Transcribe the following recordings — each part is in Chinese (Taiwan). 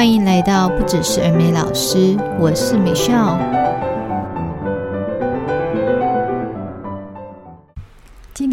歡迎來到不只是兒美老師，我是美笑。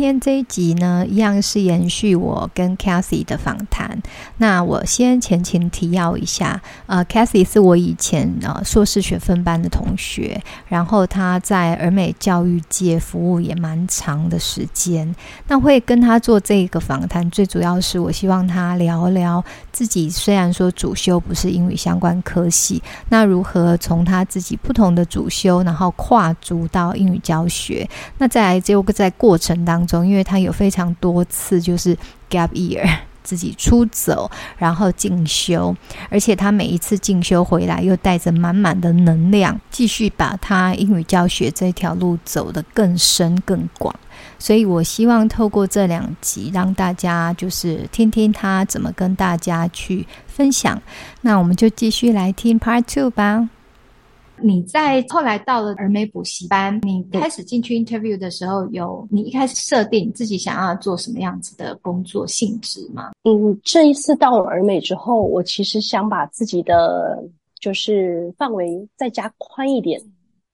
今天這一集呢，一樣是延續我跟 Cathy 的訪談。那我先前情提要一下，呃 Cathy 是我以前呃碩士學分班的同學，然後他在兒美教育界服務也蠻長的時間。那會跟他做這個訪談，最主要是我希望他聊聊自己，雖然說主修不是英語相關科系，那如何從他自己不同的主修，然後跨足到英語教學，那在這個在過程當中。因為他有非常多次就是 gap year，自己出走，然後進修，而且他每一次進修回來，又帶着滿滿的能量，繼續把他英語教學這條路走得更深更廣。所以我希望透過這兩集，讓大家就是聽聽他怎麼跟大家去分享。那我們就繼續來聽 Part Two 吧。你在後來到了兒美補習班，你開始進去 interview 的時候，有你一開始設定自己想要做什麼樣子的工作性質嗎？嗯，這一次到了兒美之後，我其實想把自己的就是範圍再加寬一點，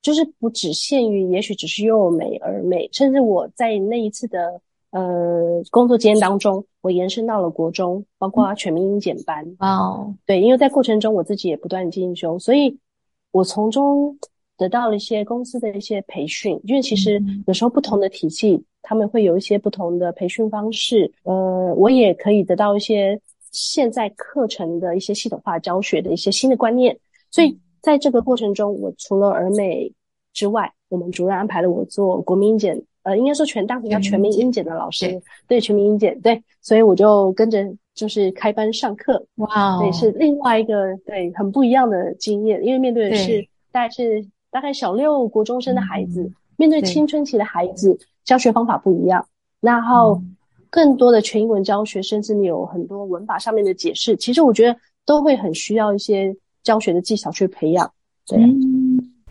就是不只限於，也許只是幼美兒美，甚至我在那一次的呃工作經驗當中，我延伸到了國中，包括全民英檢班。哦、嗯，對，因為在過程中我自己也不斷進修，所以。我從中得到了一些公司的一些培訓，因為其實有時候不同的體系他、嗯、們會有一些不同的培訓方式，呃，我也可以得到一些現在課程的一些系統化教學的一些新的觀念，所以在這個過程中，我除了兒美之外，我們主任安排了我做國民英檢，呃，應該說全，當時叫全民英檢的老師，對，對，全民英檢，對，所以我就跟着。就是開班上課，哇 Wow，對，是另外一個對很不一樣的經驗，因為面對的是對大概是大概小六國中生的孩子，嗯、面對青春期的孩子，對教學方法不一樣，然後更多的全英文教學，甚至你有很多文法上面的解釋，其實我覺得都會很需要一些教學的技巧去培養，對。嗯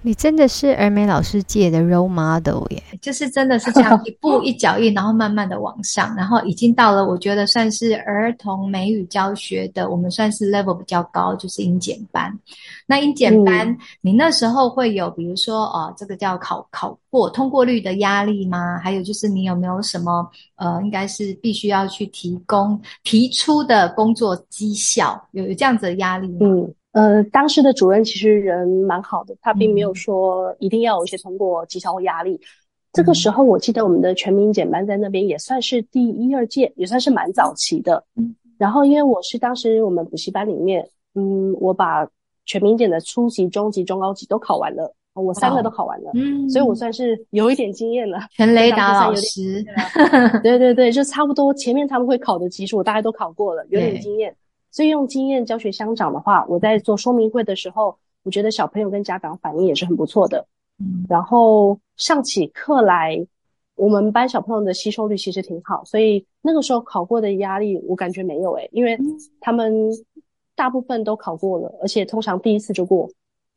你真的是兒美老師界的 role model 耶。就是真的是這樣，一步一腳印， 然後慢慢的往上，然後已經到了我覺得算是兒童美語教學的，我們算是 level 比較高，就是英檢班。那英檢班，嗯、你那時候會有，比如說哦、呃，這個叫考考過通過率的壓力嗎？還有就是你有沒有什麼呃，應該是必須要去提供提出的工作績效，有有這樣子的壓力嗎？嗯呃，當時的主任其實人蠻好的，他並沒有說一定要有一些通過績效或壓力。嗯、這個時候我記得我們的全民檢班在那邊也算是第一二屆，也算是蠻早期的。嗯、然後因為我是當時我們補習班裡面，嗯，我把全民檢的初級、中級、中高級都考完了，好我三個都考完了。嗯，所以我算是有一點經驗了。全雷達老師 對對對，就差不多前面他們會考的題，我大概都考過了，有點經驗。Yeah. 所以用經驗教學相長的話，我在做說明會的時候，我覺得小朋友跟家長反應也是很不錯的。嗯、然後上起課來，我們班小朋友的吸收率其實挺好，所以那個時候考過的壓力我感覺沒有誒、欸，因為他們大部分都考過了，而且通常第一次就過。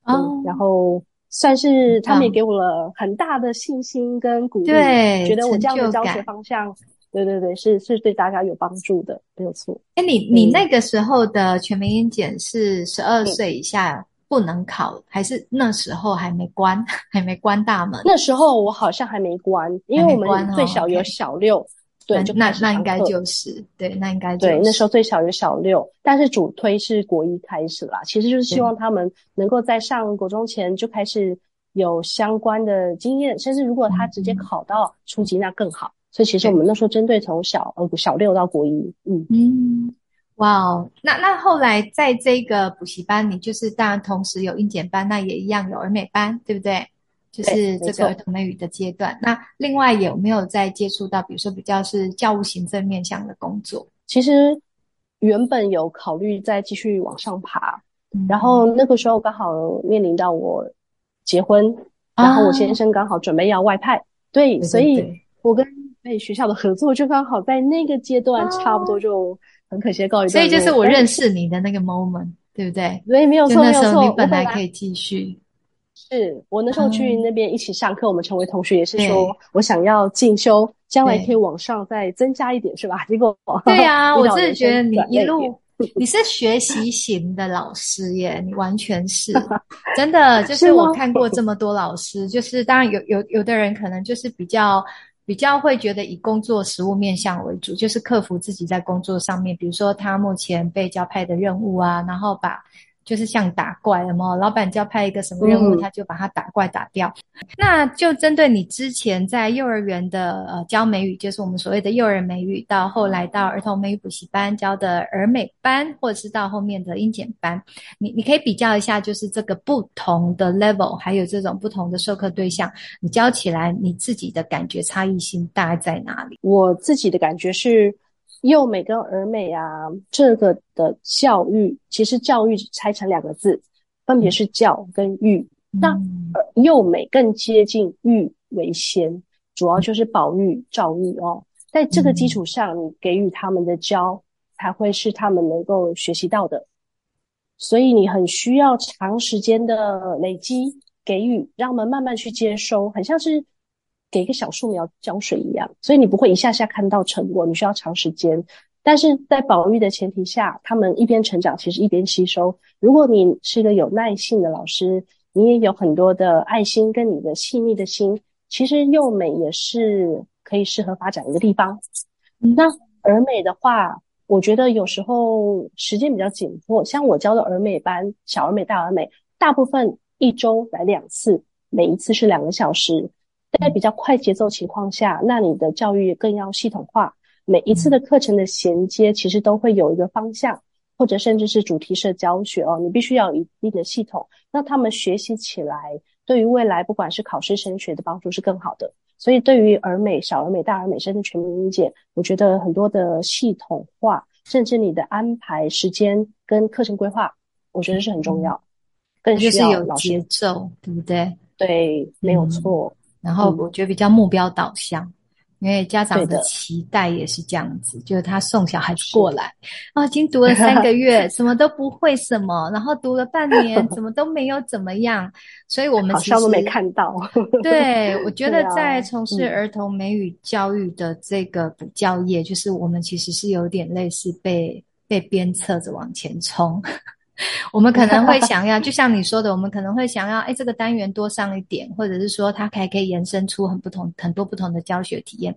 啊、哦嗯，然後算是他們也給我了很大的信心跟鼓勵，對覺得我這樣的教學方向。對對對，是是對大家有幫助的，沒有錯。哎、欸你，你對你那個時候的全民英檢是十二歲以下不能考，對還是那時候還沒關，還沒關大門？那時候我好像還沒關，因為我們最小有小六，哦、對，對那就那那應該就是對，那應該、就是、對。那時候最小有小六，但是主推是國一開始啦，其實就是希望他們能夠在上國中前就開始有相關的經驗，對甚至如果他直接考到初級，那更好。所以其實我們那時候針對從小呃對、哦、小六到國一，嗯嗯，哇哦，那那後來在這個補習班，你就是當然同時有英檢班，那也一樣有兒美班，對不對？就是這個兒童美語的階段。那另外有沒有在接觸到，比如說比較是教務行政面向的工作？其實原本有考慮再繼續往上爬，嗯、然後那個時候剛好面臨到我結婚，啊、然後我先生剛好準備要外派，對，對對對所以我跟。被學校的合作就剛好在那個階段，差不多就很可惜的告一段落。所以就是我認識你的那個 moment，對不對？所以沒有錯，沒有錯。那時候你本來可以繼續。我是我那時候去那邊一起上課，我們成為同學，也是說，我想要進修，將來可以往上再增加一點，是吧？結果對呀、啊，我真的覺得你一路， 你是學習型的老師耶，你完全是真的。就是我看過這麼多老師，是嗎？就是當然有有有的人可能就是比較。比較會覺得以工作實務面向為主，就是克服自己在工作上面，比如說他目前被交派的任務啊，然後把。就是像打怪了嘛，老闆交派一個什麼任務，嗯、他就把他打怪打掉。那就針對你之前在幼兒園的呃教美語，就是我們所謂的幼兒美語，到後來到兒童美語補習班教的兒美班，或者是到後面的英檢班，你你可以比較一下，就是這個不同的 level，還有這種不同的授課對象，你教起來你自己的感覺差異性大概在哪裡？我自己的感覺是。幼美跟兒美啊，這個的教育，其實教育只拆成兩個字，分別是教跟育。那幼美更接近育為先，主要就是保育、照育哦，在這個基礎上，你給予他們的教才會是他們能夠學習到的。所以你很需要長時間的累積給予，讓他們慢慢去接收，很像是。給一個小樹苗澆水一樣，所以你不會一下下看到成果，你需要長時間。但是在保育的前提下，他們一邊成長，其實一邊吸收。如果你是一個有耐性的老師，你也有很多的愛心跟你的細膩的心，其實幼美也是可以適合發展一個地方。那兒美的話，我覺得有時候時間比較緊迫，像我教的兒美班，小兒美、大兒美，大部分一周來兩次，每一次是兩個小時。在比較快節奏情況下，那你的教育，更要系統化。每一次的課程的銜接，其實都會有一個方向，或者甚至是主題式教學哦。你必須要有一定的系統，那他們學習起來，對於未來不管是考試升學的幫助是更好的。所以，對於兒美、小兒美、大兒美，甚至全民英檢，我覺得很多的系統化，甚至你的安排時間跟課程規劃，我覺得是很重要，更需要就是有節奏，對不對？對，沒有錯。嗯然後我覺得比較目標導向，嗯、因為家長的期待也是這樣子，的就是他送小孩子過來啊是、哦，已經讀了三個月， 什麼都不會，什麼，然後讀了半年，怎 麼都沒有怎麼樣，所以我們其實好像都沒看到。 對，我覺得在從事兒童美語教育的這個補教業，啊、就是我們其實是有點類似被被鞭策着往前衝。 我們可能會想要，就像你說的，我們可能會想要，哎，這個單元多上一點，或者是說它還可以延伸出很不同、很多不同的教學體驗。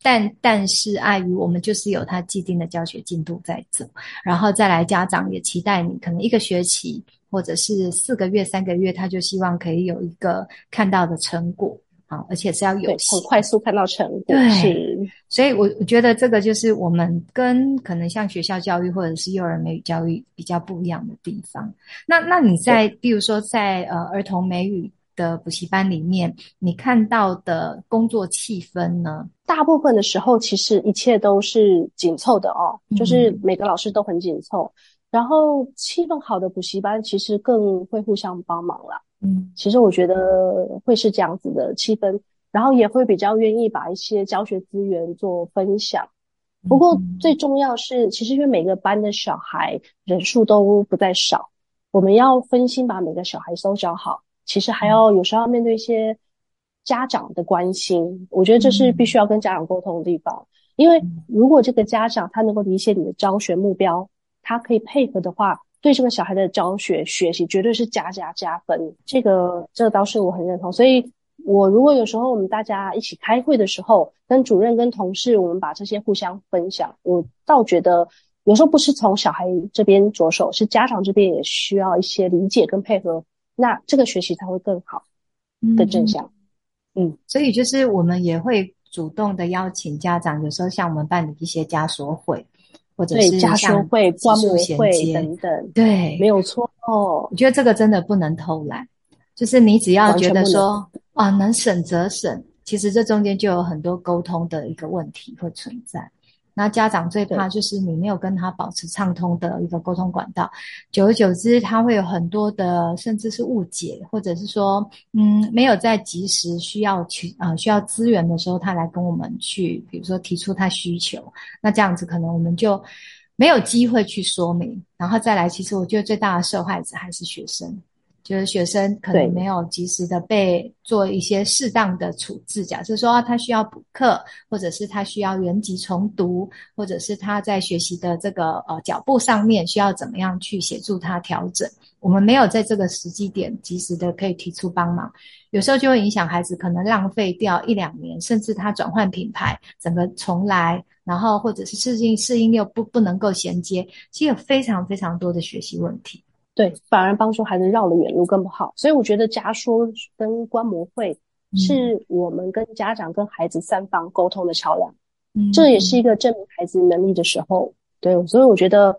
但但是礙於我們就是有它既定的教學進度在這，然後再來家長也期待你可能一個學期或者是四個月、三個月，他就希望可以有一個看到的成果。好，而且是要有很快速看到成果。對，對。是所以我，我我覺得這個就是我們跟可能像學校教育或者是幼兒美語教育比較不一樣的地方。那那你在，對比如說在呃兒童美語的補習班裡面，你看到的工作氣氛呢？大部分的時候其實一切都是緊湊的哦，嗯、就是每個老師都很緊湊。然後氣氛好的補習班，其實更會互相幫忙了。嗯，其實我覺得會是這樣子的氣氛，然後也會比較願意把一些教學資源做分享。不過最重要是，其實因為每個班的小孩人數都不在少，我們要分心把每個小孩都教好。其實還要有時候要面對一些家長的關心，我覺得這是必須要跟家長溝通的地方。因為如果這個家長他能夠理解你的教學目標，他可以配合的話。對這個小孩的教學學習絕對是加加加分，這個這個倒是我很認同。所以，我如果有時候我們大家一起開會的時候，跟主任、跟同事，我們把這些互相分享。我倒覺得有時候不是從小孩這邊着手，是家長這邊也需要一些理解跟配合，那這個學習才會更好，嗯、更正向。嗯，所以就是我們也會主動的邀請家長，有時候像我們辦理一些家所會。或者是家修會、觀摩會等等，對，沒有錯哦。我覺得這個真的不能偷懶，就是你只要覺得說能啊能省則省，其實這中間就有很多溝通的一個問題會存在。那家長最怕就是你沒有跟他保持暢通的一個溝通管道，對久而久之他會有很多的甚至是誤解，或者是說，嗯，沒有在及時需要去呃需要資源的時候，他來跟我們去，比如說提出他需求，那這樣子可能我們就沒有機會去說明，然後再來，其實我覺得最大的受害者還是學生。就是學生可能沒有及時的被做一些適當的處置。對假設說他需要補課，或者是他需要原級重讀，或者是他在學習的這個呃腳步上面需要怎麼樣去協助他調整，我們沒有在這個時機點及時的可以提出幫忙，有時候就會影響孩子可能浪費掉一兩年，甚至他轉換品牌，整個重來，然後或者是適應適應又不不能夠銜接，其實有非常非常多的學習問題。對，反而幫助孩子繞了遠路更不好，所以我覺得家書跟觀摩會是我們跟家長跟孩子三方溝通的橋樑，嗯、這也是一個證明孩子能力的時候，對，所以我覺得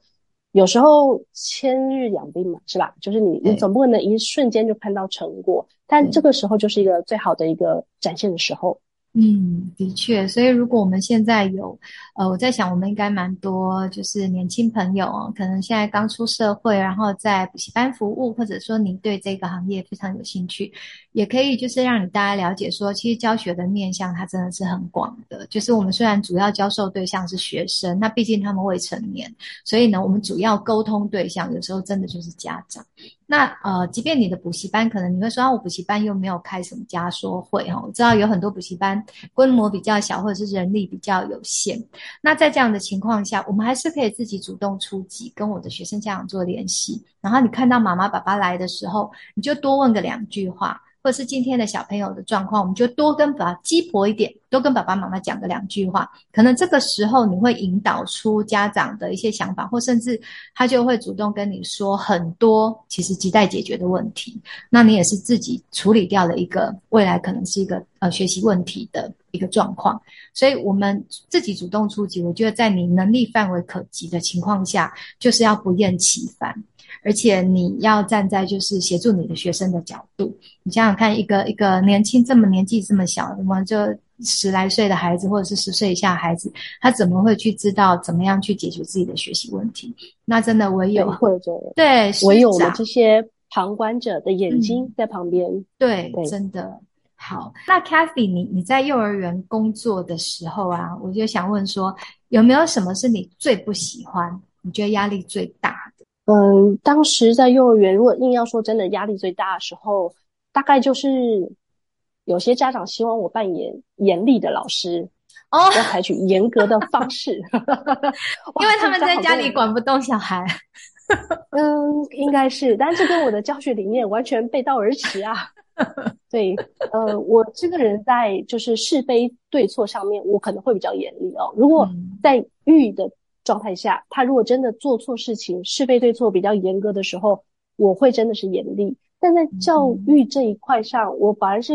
有時候千日養兵嘛，是吧？就是你你總不可能一瞬間就看到成果，嗯、但這個時候就是一個最好的一個展現的時候。嗯，的確，所以如果我們現在有，呃，我在想，我們應該蠻多，就是年輕朋友，可能現在剛出社會，然後在補習班服務，或者說你對這個行業非常有興趣。也可以，就是讓你大家了解說，其實教學的面向它真的是很廣的。就是我們雖然主要教授對象是學生，那畢竟他們未成年，所以呢，我們主要溝通對象有時候真的就是家長。那呃，即便你的補習班可能你會說啊，我補習班又沒有開什麼家說會哈、哦，我知道有很多補習班規模比較小，或者是人力比較有限。那在這樣的情況下，我們還是可以自己主動出擊，跟我的學生家長做聯繫。然後你看到媽媽爸爸來的時候，你就多問個兩句話。或是今天的小朋友的狀況，我們就多跟爸雞婆一點，多跟爸爸媽媽講個兩句話，可能這個時候你會引導出家長的一些想法，或甚至他就會主動跟你說很多其實亟待解決的問題。那你也是自己處理掉了一個未來可能是一個呃學習問題的一個狀況。所以，我們自己主動出擊，我覺得在你能力範圍可及的情況下，就是要不厭其煩。而且你要站在就是協助你的學生的角度，你想想看，一個一個年輕這麼年紀這麼小，那麼就十來歲的孩子或者是十歲以下的孩子，他怎麼會去知道怎麼樣去解決自己的學習問題？那真的唯有對，唯對有我這些旁觀者的眼睛在旁邊，嗯、對，對真的好。那 Cathy 你你在幼兒園工作的時候啊，我就想問說，有沒有什麼是你最不喜歡，你覺得壓力最大？嗯，當時在幼兒園，如果硬要說真的壓力最大的時候，大概就是有些家長希望我扮演嚴厲的老師，哦，oh. 要採取嚴格的方式， 因為他們在家裡管不動小孩。 嗯，應該是，但是跟我的教學理念完全背道而馳啊。 對，呃，我這個人在就是是非對錯上面，我可能會比較嚴厲哦。如果在育的、嗯。狀態下，他如果真的做錯事情，是非對錯比較嚴格的時候，我會真的是嚴厲。但在教育這一塊上，嗯、我反而是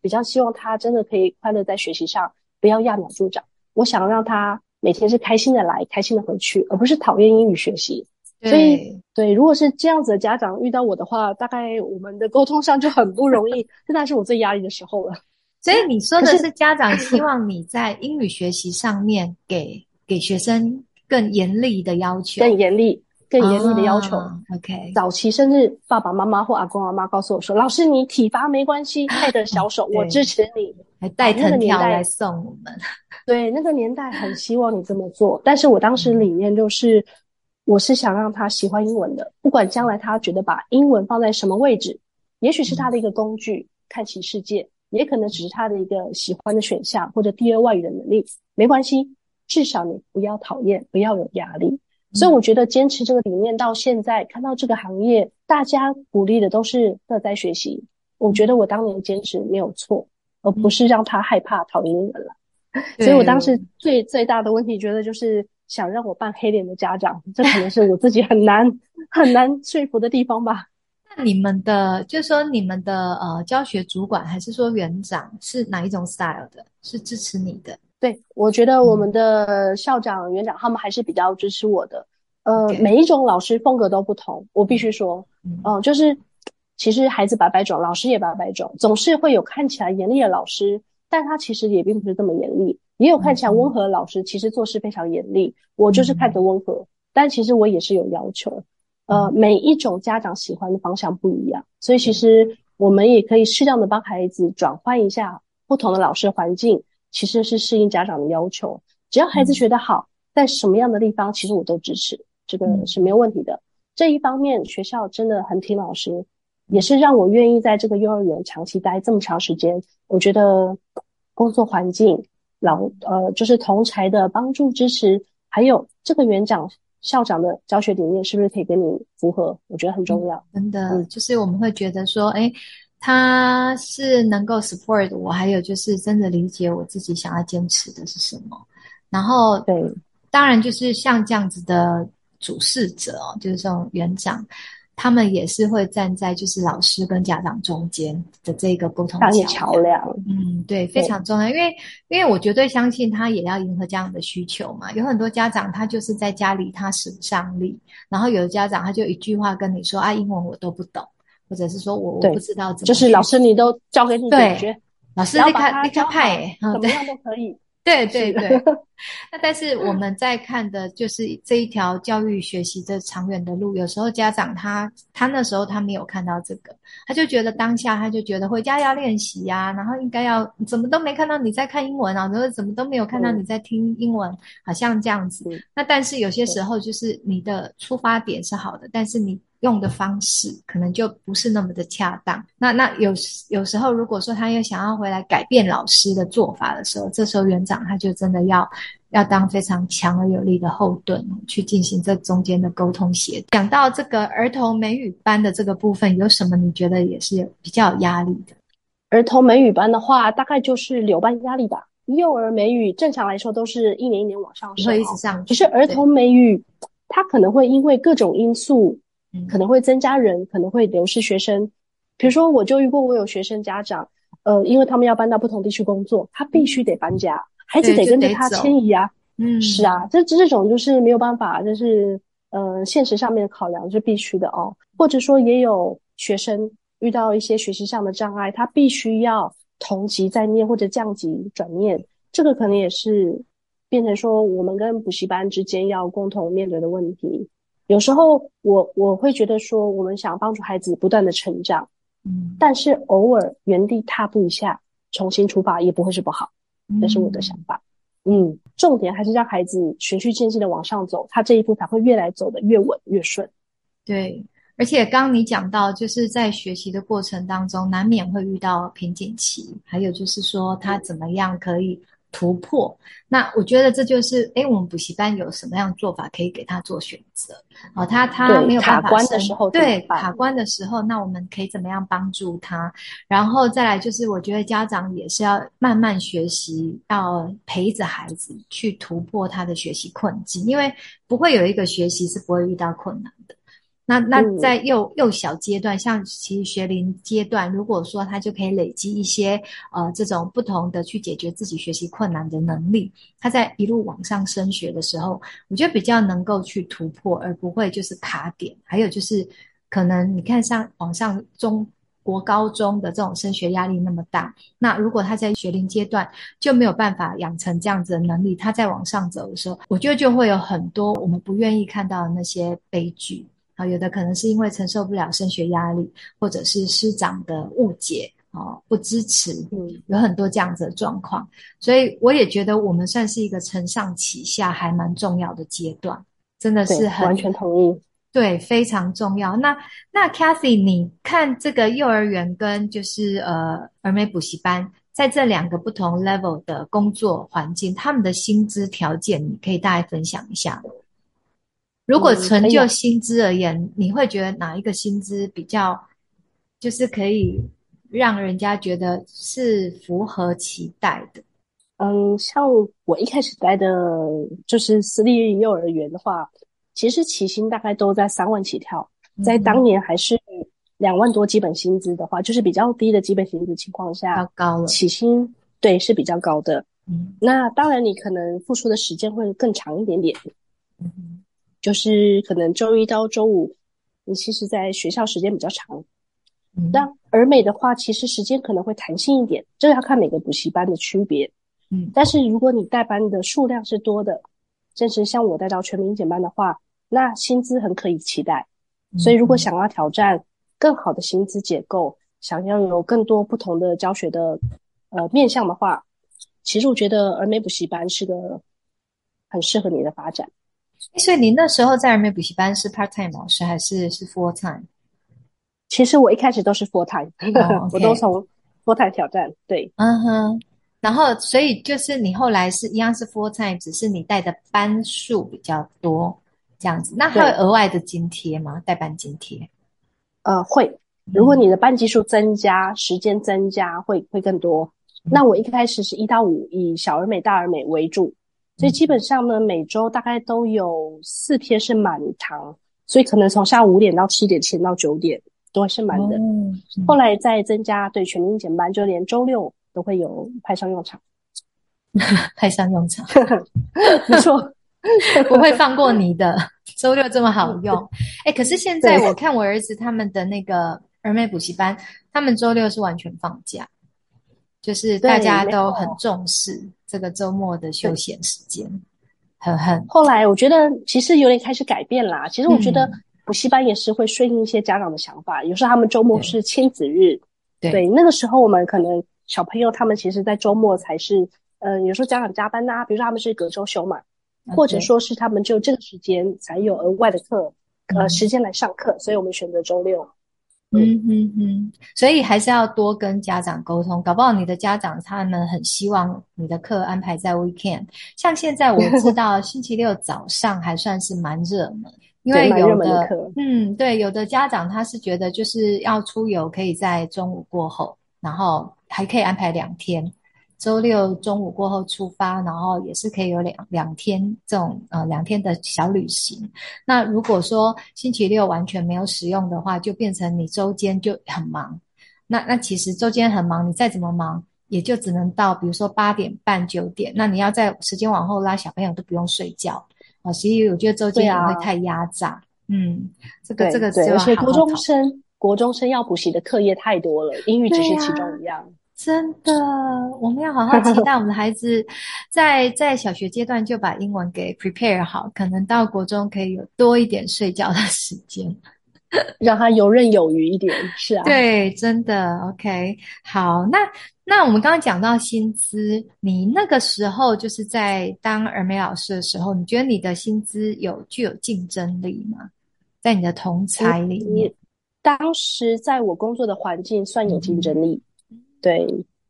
比較希望他真的可以快樂在學習上，不要揠苗助長。我想讓他每天是開心的來，開心的回去，而不是討厭英語學習。對所以，對，如果是這樣子的家長遇到我的話，大概我們的溝通上就很不容易，現在 是我最壓力的時候了。所以你說的是家長是希望你在英語學習上面給給學生更嚴厲的要求，更嚴厲、更嚴厲的要求。OK，、啊、早期甚至、啊 okay、爸爸媽媽或阿公阿媽告訴我說：“老師，你體罰沒關係，愛的小手， 對我支持你。”還帶藤條來送我們、啊那個。對，那個年代很希望你這麼做，但是我當時理念就是， 我是想讓他喜歡英文的，不管將來他覺得把英文放在什麼位置，也許是他的一個工具， 開啟世界，也可能只是他的一個喜歡的選項或者第二外語的能力，沒關係。至少你不要討厭，不要有壓力，所以我覺得堅持這個理念到現在，嗯、看到這個行業大家鼓勵的都是樂在學習。我覺得我當年堅持沒有錯，嗯、而不是讓他害怕討厭人了。嗯、所以我當時最最大的問題，覺得就是想讓我扮黑臉的家長，對這可能是我自己很難 很難說服的地方吧。那你們的，就是說你們的呃教學主管還是說園長是哪一種 style 的，是支持你的？對，我覺得我們的校長、園、嗯、長他們還是比較支持我的。呃，Okay. 每一種老師風格都不同，我必須說，嗯、呃，就是其實孩子百百種，老師也百百種，總是會有看起來嚴厲的老師，但他其實也並不是這麼嚴厲；也有看起來溫和的老師，嗯、其實做事非常嚴厲。我就是看着溫和，嗯、但其實我也是有要求。呃，每一種家長喜歡的方向不一樣，所以其實我們也可以適當的幫孩子轉換一下不同的老師環境。其實是適應家長的要求，只要孩子學得好，嗯、在什麽樣的地方，其實我都支持，這個是沒有問題的。嗯、這一方面，學校真的很挺老師，嗯、也是讓我願意在這個幼兒園長期待這麼長時間。我覺得工作環境、老呃就是同儕的幫助支持，還有這個園長、校長的教學理念，是不是可以跟你符合？我覺得很重要。真的，嗯、就是我們會覺得說，哎。他是能夠 support 我，還有就是真的理解我自己想要堅持的是什麼。然後對，當然就是像這樣子的主事者哦，就是這種園長，他們也是會站在就是老師跟家長中間的這個不同的橋樑。橋嗯，對，對非常重要，因為因為我絕對相信他也要迎合家長的需求嘛。有很多家長他就是在家裡他使不上力，然後有的家長他就一句話跟你說啊，英文我都不懂。或者是說我我不知道，怎麼。就是老師你都教給你對。老師立刻立刻派，怎麼樣都可以。對對對。那但是我們在看的就是這一條教育學習的長遠的路，有時候家長他他那時候他沒有看到這個，他就覺得當下他就覺得回家要練習呀，然後應該要怎麼都沒看到你在看英文啊，然後怎麼都沒有看到你在聽英文，好像這樣子。那但是有些時候就是你的出發點是好的，但是你。用的方式可能就不是那麼的恰當。那那有有時候，如果說他又想要回來改變老師的做法的時候，這時候園長他就真的要要當非常強而有力的後盾，去進行這中間的溝通協調。講到這個兒童美語班的這個部分，有什麼你覺得也是比較有壓力的？兒童美語班的話，大概就是留班壓力吧。幼兒美語正常來說都是一年一年往上升，所以上，只是兒童美語，他對可能會因為各種因素。可能會增加人，可能會流失學生。比如說，我就遇過我有學生家長，呃，因為他們要搬到不同地區工作，他必須得搬家，嗯、孩子得跟着他遷移啊。嗯，是啊，這這種就是沒有辦法，就是呃，現實上面的考量是必須的哦。嗯、或者說，也有學生遇到一些學習上的障礙，他必須要同級再念或者降級轉念，嗯、這個可能也是變成說我們跟補習班之間要共同面對的問題。有時候我我會覺得說，我們想幫助孩子不斷地成長，嗯，但是偶爾原地踏步一下，重新出發也不會是不好，嗯，這是我的想法。嗯，重點還是讓孩子循序漸進的往上走，他這一步才會越來走得越穩越順。對，而且剛剛你講到，就是在學習的過程當中，難免會遇到瓶頸期，還有就是說他怎麼樣可以。突破，那我覺得這就是哎，我們補習班有什麼樣做法可以給他做選擇？哦，他他沒有辦法的時候，對，卡關的時候，對，卡關的時候，那我們可以怎麼樣幫助他？然後再來就是，我覺得家長也是要慢慢學習，要陪着孩子去突破他的學習困境，因為不會有一個學習是不會遇到困難的。那那在幼幼小階段，像其實學齡階段，如果說他就可以累積一些呃這種不同的去解決自己學習困難的能力，他在一路往上升學的時候，我覺得比較能夠去突破，而不會就是卡點。還有就是可能你看像往上國高中的這種升學壓力那麼大，那如果他在學齡階段就沒有辦法養成這樣子的能力，他在往上走的時候，我覺得就會有很多我們不願意看到的那些悲劇。啊、哦，有的可能是因為承受不了升學壓力，或者是師長的誤解，哦，不支持，嗯、有很多這樣子的狀況，所以我也覺得我們算是一個承上啟下還蠻重要的階段。真的是很，完全同意，對，非常重要。那那 Cathy，你看這個幼兒園跟就是呃兒美補習班，在這兩個不同 level 的工作環境，他們的薪資條件，你可以大概分享一下？如果純就薪資而言，嗯、你會覺得哪一個薪資比較，就是可以讓人家覺得是符合期待的？嗯，像我一開始待的，就是私立幼兒園的話，其實起薪大概都在三萬起跳。嗯、在當年還是兩萬多基本薪資的話，就是比較低的基本薪資情況下，要高了。起薪，對，是比較高的。嗯、那當然，你可能付出的時間會更長一點點。嗯就是可能週一到週五，你其實在學校時間比較長。那兒、嗯、美的話，其實時間可能會彈性一點，這個要看每個補習班的區別。嗯，但是如果你帶班的數量是多的，甚至像我帶到全民英檢班的話，那薪資很可以期待。嗯、所以如果想要挑戰更好的薪資結構，嗯、想要有更多不同的教學的呃面向的話，其實我覺得兒美補習班是個很適合你的發展。所以你那時候在兒美補習班是 part time 老師還是是 full time？其實我一開始都是 full time，、oh, okay. 我都從 full time 挑戰。對，嗯哼、uh-huh. 然後所以就是你後來是一樣是 full time，只是你帶的班數比較多這樣子。那還有額外的津貼嗎？帶對班津貼？呃，會。如果你的班級數增加，嗯、時間增加，會會更多。那我一開始是一到五，以小兒美、大兒美為主。所以基本上呢，每週大概都有四天是滿堂，所以可能從下午五點到七點，前到九點都還是滿的。哦嗯、後來再增加對全民英檢班，就連週六都會有派上用場， 派上用場，沒 不錯，不 會放過你的。週六這麼好用，哎、 欸，可是現在我看我兒子他們的那個兒美補習班，他們週六是完全放假。就是大家都很重視這個周末的休閒時間，很很狠。後來我覺得其實有點開始改變啦、啊，其實我覺得補習班也是會順應一些家長的想法。嗯、有時候他們周末是親子日，對，對那個時候我們可能小朋友他們其實，在周末才是，嗯、呃，有時候家長加班吶、啊，比如說他們是隔周休嘛，Okay. 或者說是他們就這個時間才有額外的課，嗯、呃，時間來上課，所以我們選擇周六。嗯嗯嗯，所以還是要多跟家長溝通，搞不好你的家長他們很希望你的課安排在 weekend。像現在我知道星期六早上還算是蠻熱門，因為有的，對，嗯對，有的家長他是覺得就是要出遊，可以在中午過後，然後還可以安排兩天。週六中午過後出發，然後也是可以有兩兩天這種呃兩天的小旅行。那如果說星期六完全沒有使用的話，就變成你週間就很忙。那那其實週間很忙，你再怎麼忙，也就只能到比如說八點半九點。那你要在時間往後拉，小朋友都不用睡覺啊？所、呃、以我覺得週間不會太壓榨。啊、嗯，這個這個只有好。而且國中生，國中生要補習的課業太多了，英語只是其中一樣。真的，我們要好好期待我們的孩子在，在 在小學階段就把英文給 prepare 好，可能到國中可以有多一點睡覺的時間， 讓他游刃有餘一點。是啊，對，真的。OK，好，那那我們剛剛講到薪資，你那個時候就是在當兒美老師的時候，你覺得你的薪資有具有競爭力嗎？在你的同儕裡面你，當時在我工作的環境算有競爭力。嗯對，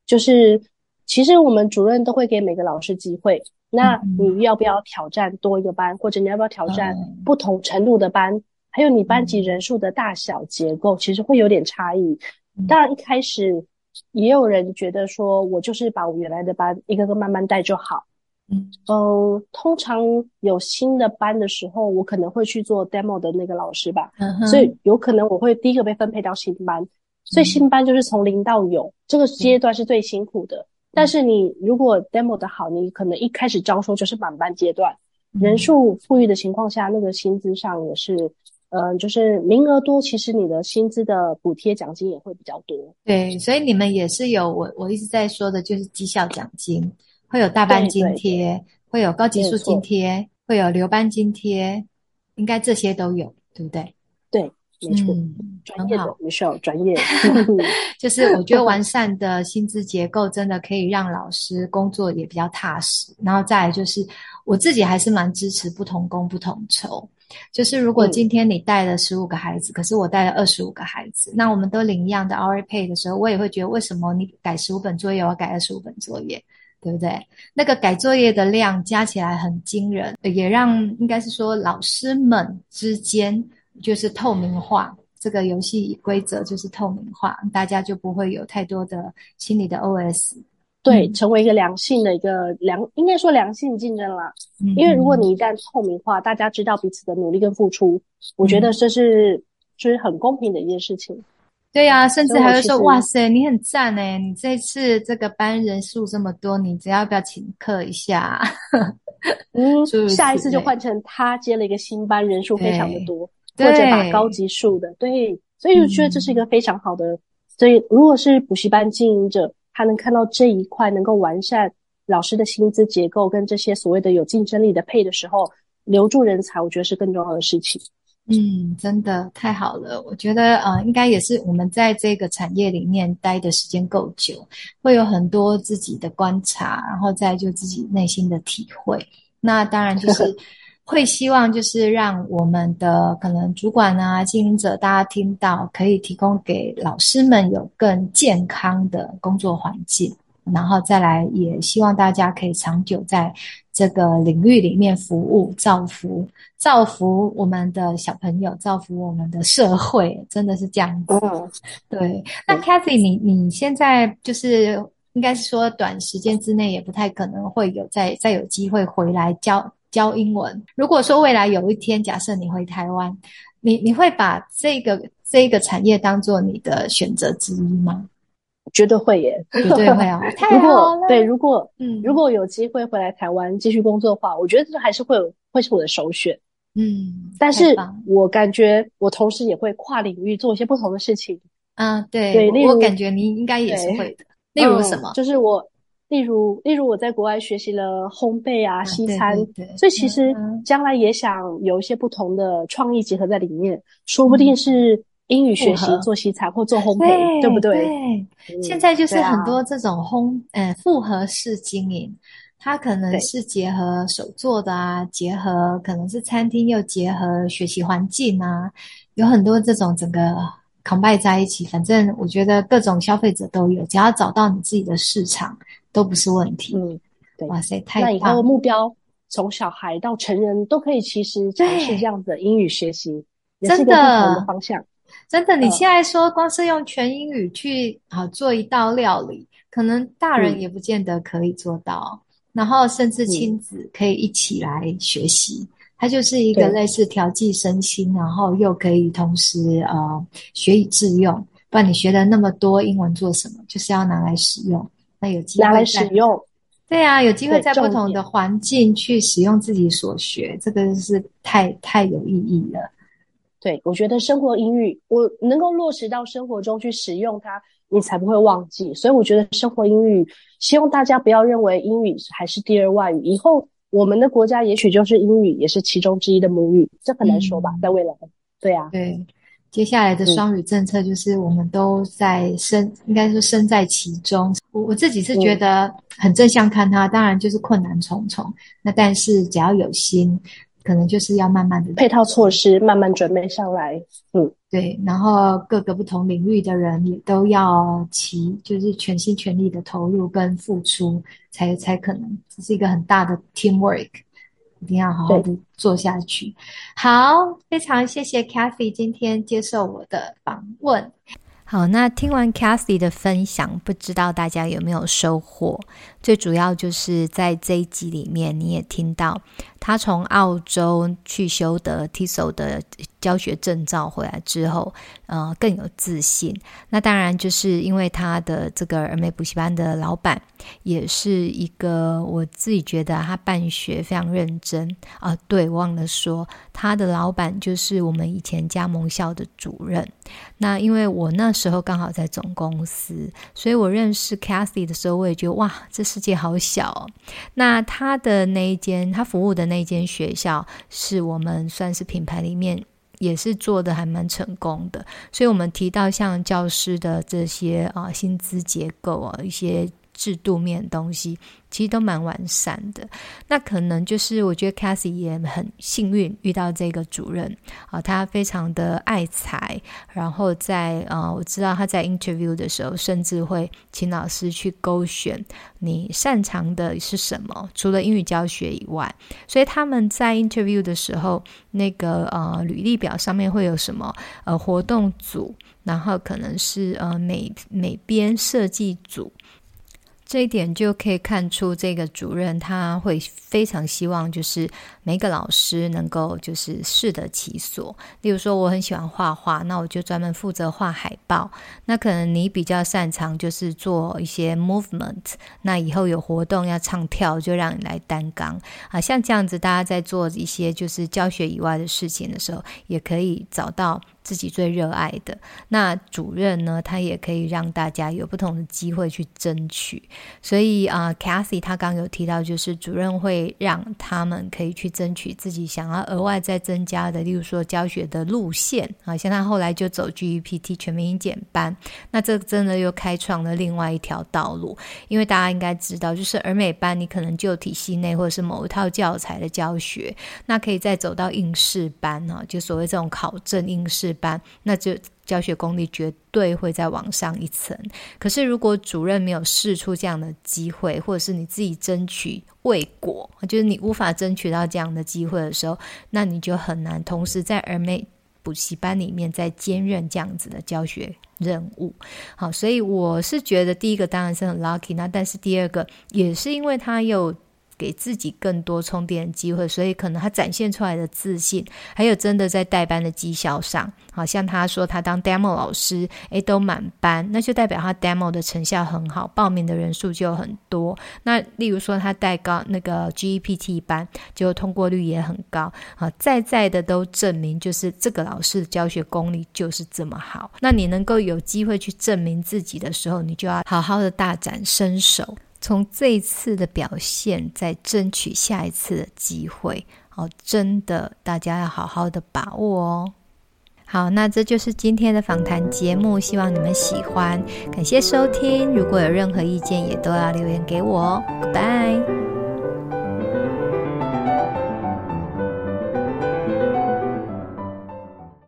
就是其實我們主任都會給每個老師機會。那你要不要挑戰多一個班，嗯、或者你要不要挑戰不同程度的班？嗯、還有你班級人數的大小結構，嗯、其實會有點差異。當然、嗯、一開始也有人覺得說，我就是把我原來的班一個個慢慢帶就好。嗯、呃，通常有新的班的時候，我可能會去做 demo 的那個老師吧。嗯、所以有可能我會第一個被分配到新的班。所以新班就是從零到有，嗯、這個階段是最辛苦的。嗯、但是你如果 demo 的好，你可能一開始招收就是滿班階段，嗯、人數富裕的情況下，那個薪資上也是，嗯、呃，就是名額多，其實你的薪資的補貼獎金也會比較多。對，所以你們也是有我我一直在說的，就是績效獎金，會有大班津貼，對對，會有高級數津貼，會有留班津貼，應該這些都有，對不對？對。沒錯，專、嗯、業好沒錯，專業 就是我覺得完善的薪資結構真的可以讓老師工作也比較踏實，然後再來就是我自己還是蠻支持不同工不同酬，就是如果今天你帶了十五個孩子，嗯、可是我帶了二十五個孩子，那我們都領一樣的 hourly pay 的時候，我也會覺得為什麼你改十五本作業，我要改二十五本作業，對不對？那個改作業的量加起來很驚人，也讓應該是說老師們之間。就是透明化這個遊戲規則，就是透明化，大家就不會有太多的心理的 OS。對，嗯、成為一個良性的一個良，應該說良性競爭啦。嗯、因為如果你一旦透明化，嗯、大家知道彼此的努力跟付出，嗯、我覺得這是就是很公平的一件事情。對呀、啊，甚至還會說：“哇塞，你很讚誒、欸！你這次這個班人數這麼多，你只要不要請客一下？” 嗯，下一次就換成他接了一個新班，對人數非常的多。對或者把高級數的，對，所以我覺得這是一個非常好的。嗯、所以如果是補習班經營者，他能看到這一塊能夠完善老師的薪資結構，跟這些所謂的有競爭力的配的時候，留住人才，我覺得是更重要的事情。嗯，真的太好了。我覺得，呃，應該也是我們在這個產業裡面待的時間夠久，會有很多自己的觀察，然後再就自己內心的體會。那當然就是。 會希望就是讓我們的可能主管啊、經營者，大家聽到可以提供給老師們有更健康的工作環境，然後再來也希望大家可以長久在這個領域裡面服務、造福、造福我們的小朋友、造福我們的社會，真的是這樣子。嗯、對，嗯、那 Cathy，你你現在就是應該是說短時間之內也不太可能會有再再有機會回來教。教英文。如果說未來有一天，假設你回台灣，你你會把這個這個產業當做你的選擇之一嗎？絕對會耶，絕對會啊！ 太好了。如果對，如果嗯，如果有機會回來台灣繼續工作的話，我覺得這還是會有，會是我的首選。嗯，但是我感覺我同時也會跨領域做一些不同的事情。啊，對，對我感覺你應該也是會的。對例如什麼？嗯，就是我。例如，例如我在國外學習了烘焙啊，啊西餐，對對對對，所以其實將來也想有一些不同的創意結合在裡面，嗯、說不定是英語學習做西餐或做烘焙，對不對？對，對嗯、現在就是很多這種烘，嗯、啊呃，複合式經營，它可能是結合手作的啊，結合可能是餐廳，又結合學習環境啊，有很多這種整個 combine 在一起，反正我覺得各種消費者都有，只要找到你自己的市場。都不是問題。嗯，對，哇塞，太棒了！那以後的目標從小孩到成人都可以，其實就是這樣的英語學習，真的對不同的方向。真的，呃、真的，你現在說光是用全英語去啊做一道料理，可能大人也不見得可以做到。嗯、然後甚至親子可以一起來學習，嗯、它就是一個類似調劑身心，對然後又可以同時呃學以致用。不然你學了那麼多英文做什麼？就是要拿來使用。那有機會拿來使用，對啊，有機會在不同的環境去使用自己所學，這個是太太有意義了。對，我覺得生活英語，我能夠落實到生活中去使用它，你才不會忘記。所以我覺得生活英語，希望大家不要認為英語還是第二外語，以後我們的國家也許就是英語，也是其中之一的母語，這很難說吧，嗯，在未來。對啊，對。接下來的雙語政策，就是我們都在身，嗯、應該說身在其中。我我自己是覺得很正向看它，嗯、當然就是困難重重。那但是只要有心，可能就是要慢慢的配套措施慢慢準備上來。嗯，對。然後各個不同領域的人也都要齊，就是全心全力的投入跟付出，才才可能。這是一個很大的 teamwork。一定要好好做下去。對好，非常謝謝 Cathy 今天接受我的訪問。好，那聽完 Cathy 的分享，不知道大家有沒有收穫？最主要就是在這一集裡面，你也聽到他從澳洲去修得 TESOL 的教學證照回來之後，呃，更有自信。那當然就是因為他的這個兒美補習班的老闆也是一個我自己覺得他辦學非常認真啊、呃。對，忘了說，他的老闆就是我們以前加盟校的主任。那因為我那時候剛好在總公司，所以我認識 Cathy 的時候，我也覺得哇，這是。世界好小哦，那他的那一間，他服務的那一間學校，是我們算是品牌裡面也是做的還蠻成功的，所以我們提到像教師的這些啊薪資結構啊一些。制度面的東西其實都蠻完善的，那可能就是我覺得 Cathy 也很幸運遇到這個主任啊，他、呃、非常的愛才，然後在呃，我知道他在 interview 的時候，甚至會請老師去勾選你擅長的是什麼，除了英語教學以外，所以他們在 interview 的時候，那個呃，履歷表上面會有什麼呃活動組，然後可能是呃美美編設計組。這一點就可以看出，這個主任他會非常希望，就是每個老師能夠就是適得其所。例如說，我很喜歡畫畫，那我就專門負責畫海報。那可能你比較擅長就是做一些 movement，那以後有活動要唱跳，就讓你來擔綱啊。像這樣子，大家在做一些就是教學以外的事情的時候，也可以找到自己最熱愛的。那主任呢，他也可以讓大家有不同的機會去爭取。所以啊，呃，Cathy 他剛剛有提到，就是主任會讓他們可以去爭取自己想要額外再增加的，例如說教學的路線啊，像他後來就走 GEPT 全民英檢班，那這真的又開創了另外一條道路。因為大家應該知道，就是兒美班你可能就體系內或者是某一套教材的教學，那可以再走到應試班啊，就所謂這種考證應試。班，那就教學功力絕對會再往上一層。可是如果主任沒有釋出這樣的機會，或者是你自己爭取未果，就是你無法爭取到這樣的機會的時候，那你就很難同時在兒美補習班裡面再兼任這樣子的教學任務。好，所以我是覺得第一個當然是很 lucky，那但是第二個也是因為他有。給自己更多充電的機會，所以可能他展現出來的自信，還有真的在帶班的績效上，好像他說他當 demo 老師，誒，都滿班，那就代表他 demo 的成效很好，報名的人數就很多。那例如說他帶高那個 GEPT 班，就通過率也很高，好，在在的都證明就是這個老師的教學功力就是這麼好。那你能夠有機會去證明自己的時候，你就要好好的大展身手。從這次的表現，再爭取下一次的機會哦！真的，大家要好好的把握哦。好，那這就是今天的訪談節目，希望你們喜歡，感謝收聽。如果有任何意見，也都要留言給我哦。拜拜。